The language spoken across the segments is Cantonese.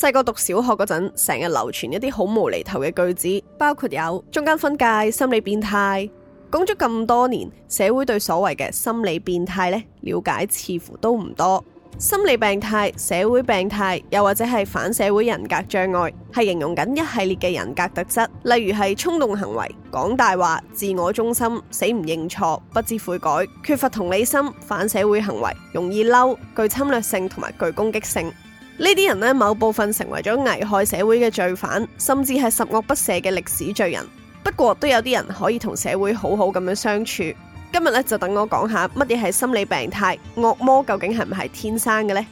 細個讀小學嗰陣，成日流傳一啲好無厘頭嘅句子，包括有中間分界、心理變態。講咗咁多年，社會對所謂嘅心理變態呢，了解似乎都唔多。心理病態、社會病態，又或者係反社會人格障礙，係形容緊一系列嘅人格特質，例如係衝動行為、講大話、自我中心、死唔認錯、不知悔改、缺乏同理心、反社會行為、容易嬲、具侵略性同埋具攻擊性。呢啲人呢，某部分，成為咗危害社會嘅罪犯，甚至係十惡不赦嘅歷史罪人。不過都有啲人可以同社會好好咁樣相處。今日咧，就等我講下乜嘢係心理病態、惡魔究竟係唔係天生嘅呢？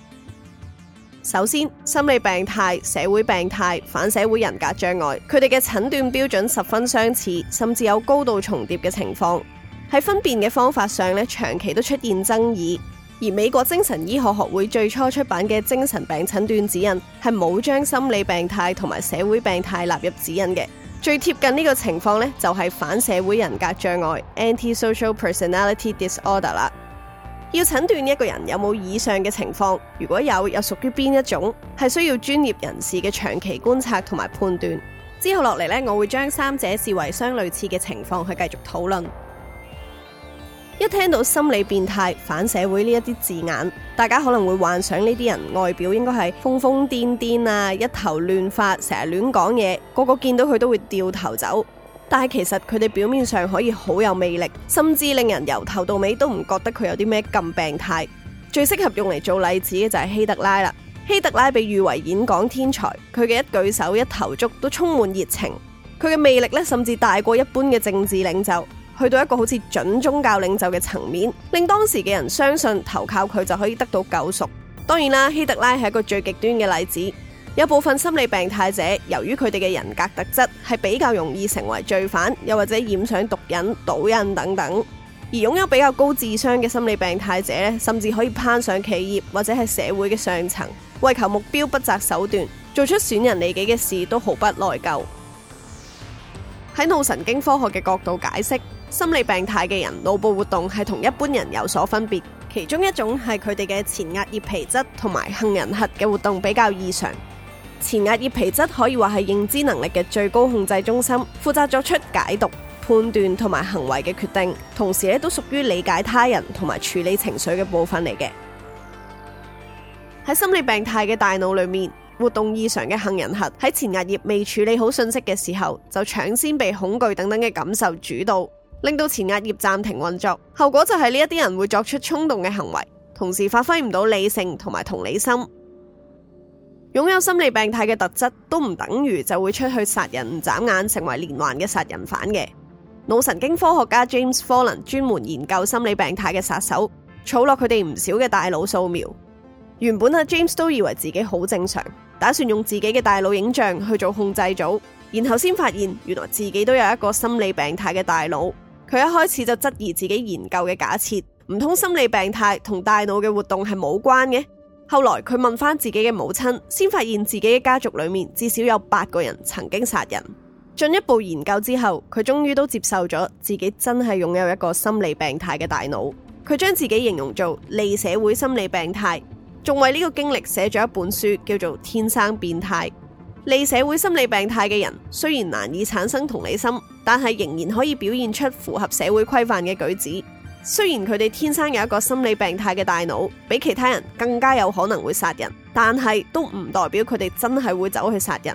首先，心理病態、社會病態、反社會人格障礙，佢哋嘅診斷標準十分相似，甚至有高度重疊嘅情況。喺分辨嘅方法上咧，長期都出現爭議。而美國精神醫學學會最初出版嘅精神病診斷指引係冇將心理病態同埋社會病態納入指引嘅。最貼近呢個情況呢，就係反社會人格障礙 （antisocial personality disorder） 啦。要診斷一個人有冇以上嘅情況，如果有，又屬於邊一種，係需要專業人士嘅長期觀察同埋判斷。之後落嚟呢，我會將三者視為相類似嘅情況去繼續討論。一聽到心理變態、反社會呢一啲字眼，大家可能會幻想呢啲人外表應該係瘋瘋癲癲啊，一頭亂髮，成日亂講嘢，個個見到佢都會掉頭走。但係其實佢哋表面上可以好有魅力，甚至令人由頭到尾都唔覺得佢有啲咩咁病態。最適合用嚟做例子嘅就係希特拉啦。希特拉被譽為演講天才，佢嘅一舉手一投足都充滿熱情，佢嘅魅力呢，甚至大過一般嘅政治領袖。去到一個好似準宗教領袖嘅層面，令當時嘅人相信投靠佢就可以得到救贖。當然啦，希特拉係一個最極端嘅例子。有部分心理病態者，由於佢哋嘅人格特質係比較容易成為罪犯，又或者染上毒癮、賭癮等等。而擁有比較高智商嘅心理病態者，甚至可以攀上企業或者係社會嘅上層，為求目標不擇手段，做出損人利己嘅事都毫不內疚。喺腦神經科學嘅角度解釋。心理病態嘅人腦部活動係同一般人有所分別，其中一種係佢哋嘅前額葉皮質同埋杏仁核嘅活動比較異常。前額葉皮質可以話係認知能力嘅最高控制中心，負責作出解讀、判斷同埋行為嘅決定，同時咧都屬於理解他人同埋處理情緒嘅部分嚟嘅。喺心理病態嘅大腦裏面，活動異常嘅杏仁核喺前額葉未處理好信息嘅時候，就搶先被恐懼等等嘅感受主導。令到前額葉暫停運作，後果就係呢一啲人會作出衝動嘅行為，同時發揮唔到理性同埋同理心。擁有心理病態嘅特質，都唔等於就會出去殺人唔眨眼，成為連環嘅殺人犯嘅。腦神經科學家 James Fallon 專門研究心理病態嘅殺手，儲落佢哋唔少嘅大腦掃描。原本阿 James 都以為自己好正常，打算用自己嘅大腦影像去做控制組，然後先發現原來自己都有一個心理病態嘅大腦。佢一開始就質疑自己研究嘅假設，唔通心理病態同大腦嘅活動係冇關嘅？後來佢問翻自己嘅母親，先發現自己嘅家族裏面至少有八個人曾經殺人。進一步研究之後，佢終於都接受咗自己真係擁有一個心理病態嘅大腦。佢將自己形容做利社會心理病態，仲為呢個經歷寫咗一本書，叫做《天生變態》。利社會心理病態嘅人，雖然難以產生同理心，但係仍然可以表現出符合社會規範嘅舉止。雖然佢哋天生有一個心理病態嘅大腦，比其他人更加有可能會殺人，但係都唔代表佢哋真係會走去殺人。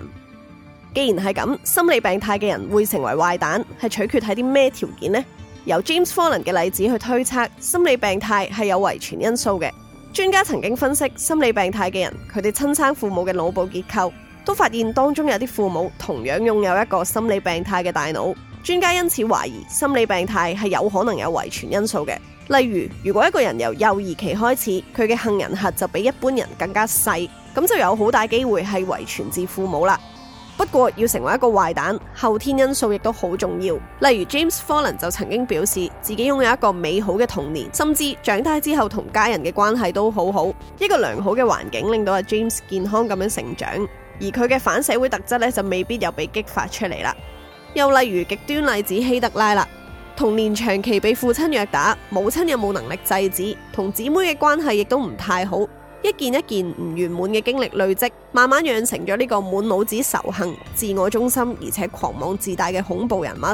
既然係咁，心理病態嘅人會成為壞蛋，係取決喺啲咩條件呢？由 James Fallon 嘅例子去推測，心理病態係有遺傳因素嘅。專家曾經分析心理病態嘅人，佢哋親生父母嘅腦部結構。都發現當中有啲父母同樣擁有一個心理病態嘅大腦。專家因此懷疑心理病態係有可能有遺傳因素嘅。例如，如果一個人由幼兒期開始，佢嘅杏仁核就比一般人更加細，咁就有好大機會係遺傳至父母啦。不過要成為一個壞蛋，後天因素亦都好重要。例如 James Fallon 就曾經表示自己擁有一個美好嘅童年，甚至長大之後同家人嘅關係都好好。一個良好嘅環境令到阿 James 健康咁樣成長。而佢嘅反社會特質咧，就未必有被激發出嚟啦。又例如極端例子希特拉啦，童年長期被父親虐打，母親又冇能力制止，同姊妹嘅關係亦都唔太好，一件一件唔圓滿嘅經歷累積，慢慢養成咗呢個滿腦子仇恨、自我中心而且狂妄自大嘅恐怖人物。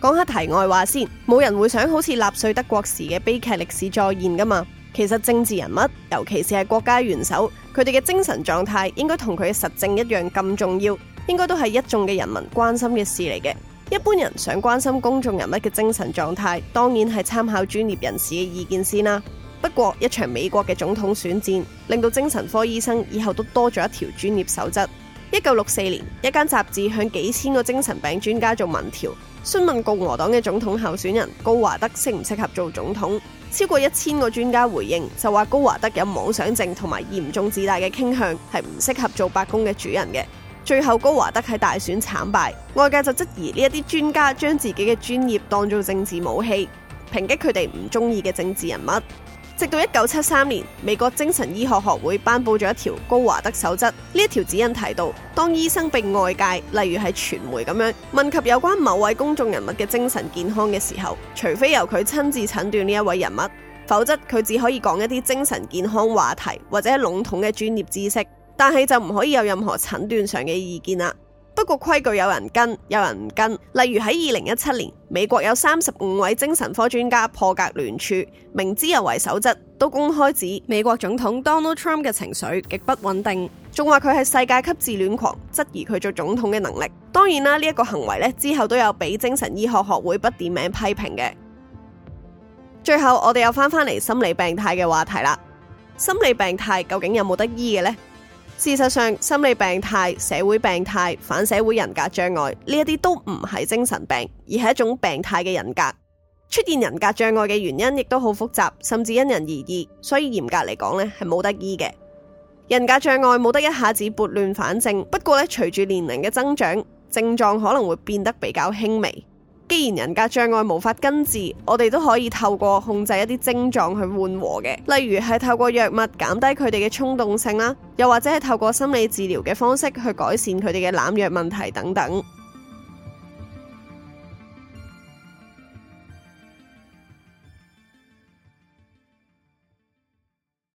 講下題外話先，冇人會想好似納粹德國時嘅悲劇歷史再現㗎嘛。其實政治人物，尤其是係國家元首，佢哋嘅精神狀態應該同佢嘅實證一樣咁重要，應該都係一眾嘅人民關心嘅事嚟嘅。一般人想關心公眾人物嘅精神狀態，當然係參考專業人士嘅意見先啦。不過，一場美國嘅總統選戰，令到精神科醫生以後都多咗一條專業守則。一九六四年，一間雜誌向幾千個精神病專家做民調，詢問共和黨嘅總統候選人高華德適唔適合做總統。超過一千個專家回應就話高華德有妄想症同埋嚴重自大嘅傾向，係唔適合做白宮嘅主人嘅。最後高華德喺大選慘敗，外界就質疑呢一啲專家將自己嘅專業當做政治武器，抨擊佢哋唔中意嘅政治人物。直到一九七三年，美國精神醫學學會頒布咗一條高華德守則。呢一條指引提到，當醫生被外界，例如係傳媒咁樣，問及有關某位公眾人物嘅精神健康嘅時候，除非由佢親自診斷呢一位人物，否則佢只可以講一啲精神健康話題，或者籠統嘅專業知識，但係就唔可以有任何診斷上嘅意見啦。不過規矩有人跟，有人唔跟。例如喺二零一七年，美國有三十五位精神科專家破格聯署，明知有違守則，都公開指美國總統 Donald Trump 嘅情緒極不穩定，仲話佢係世界級自戀狂，質疑佢做總統嘅能力。當然啦，呢一個行為咧之後都有俾精神醫學學會不點名批評嘅。最後，我哋又翻返嚟心理病態嘅話題啦。心理病態究竟有冇得醫嘅呢？事實上，心理病態、社會病態、反社會人格障礙呢一啲都唔係精神病，而係一種病態嘅人格。出現人格障礙嘅原因亦都好複雜，甚至因人而異，所以嚴格嚟講呢係冇得醫嘅。人格障礙冇得一下子撥亂反正，不過咧隨住年齡嘅增長，症狀可能會變得比較輕微。既然人格障礙無法根治，我哋都可以透過控制一啲症狀去緩和嘅，例如係透過藥物減低佢哋嘅衝動性啦，又或者係透過心理治療嘅方式去改善佢哋嘅濫藥問題等等。